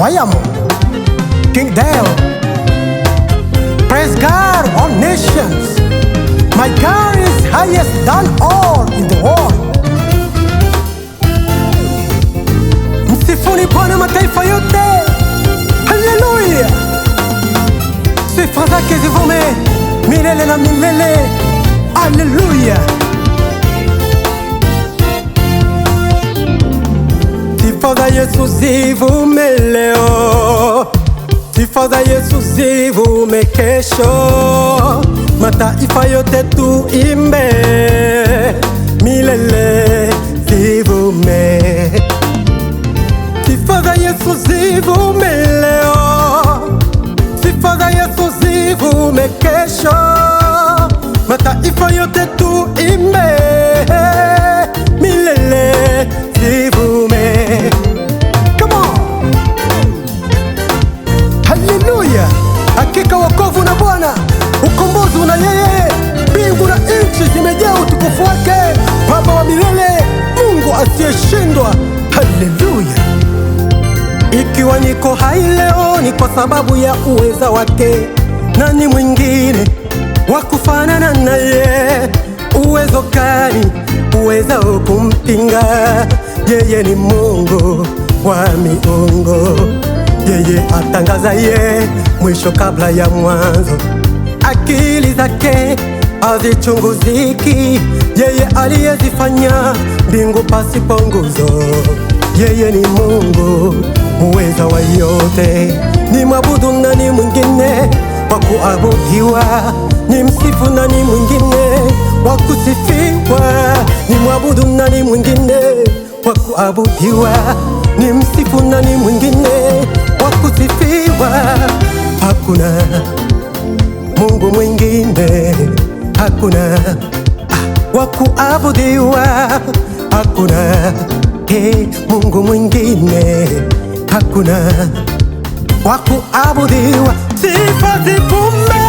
Wayamo, King Dale. Praise God, all nations. My God is highest than all in the world. Msifuni Bwana mataifa yote. Haleluya! Sifa zake zivume milele na milele. Haleluya! Sifa za Yesu zivume leo, sifa za Yesu zivume kesho, mataifa yote tuimbe milele, zivume sifa za Yesu zivume leo, sifa za Yesu zivume kesho, mataifa yote tuimbe Bwana, ukombozi una yeye. Mbingu na nchi zimejaa utukufu wake, Baba wa milele, Mungu asiyeshindwa. Haleluya! Ikiwa niko hai leo ni kwa sababu ya uweza wake. Nani mwingine wa kufanana naye? Uwezo kali uweza kumpinga? Yeye ni Mungu wa miungu yeye atangaza ye mwisho kabla ya mwanzo. Akili zake azichunguziki, yeye aliyezifanya mbingu pasipo nguzo. Yeye ni Mungu muweza wa yote, ni mwabudu na ni mwingine wa kuabudiwa, ni msifu na ni mwingine wa kusifiwa, ni mwabudu na ni mwingine wa kuabudiwa, ni msifu na ni mwingine kusifiwa, hakuna Mungu mwingine, hakuna ah, wa kuabudiwa, hakuna hey, Mungu mwingine, hakuna wa kuabudiwa, sifa zipumbe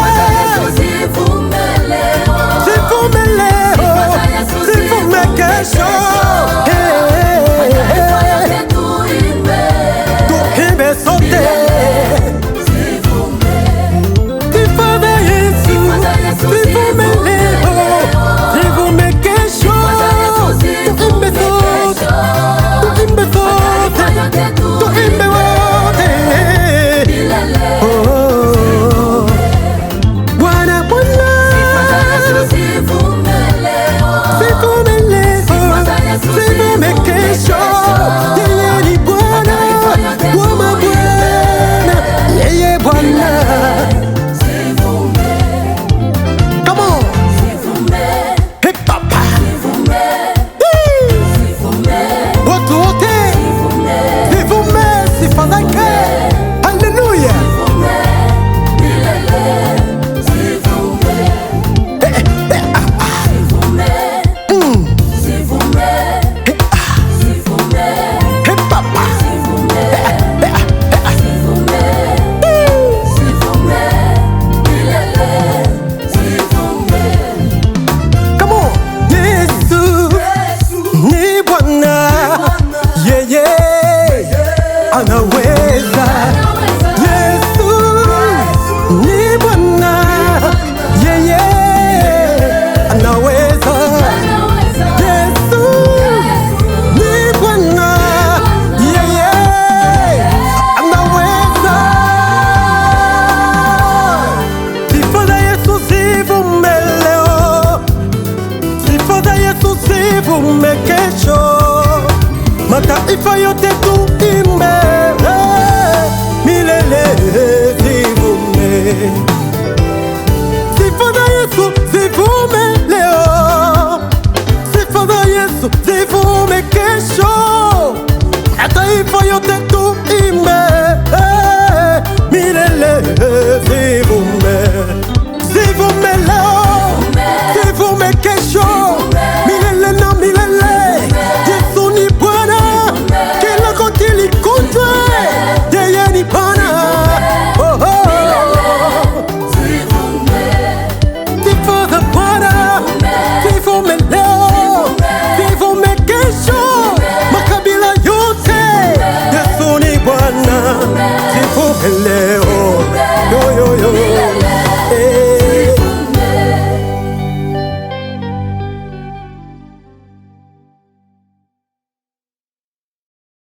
anaweza. Yesu ni Bwana, yeye anaweza. Yesu ni Bwana, yeye anaweza. Sifa za Yesu zivume leo, sifa za Yesu zivume kesho, mataifa yote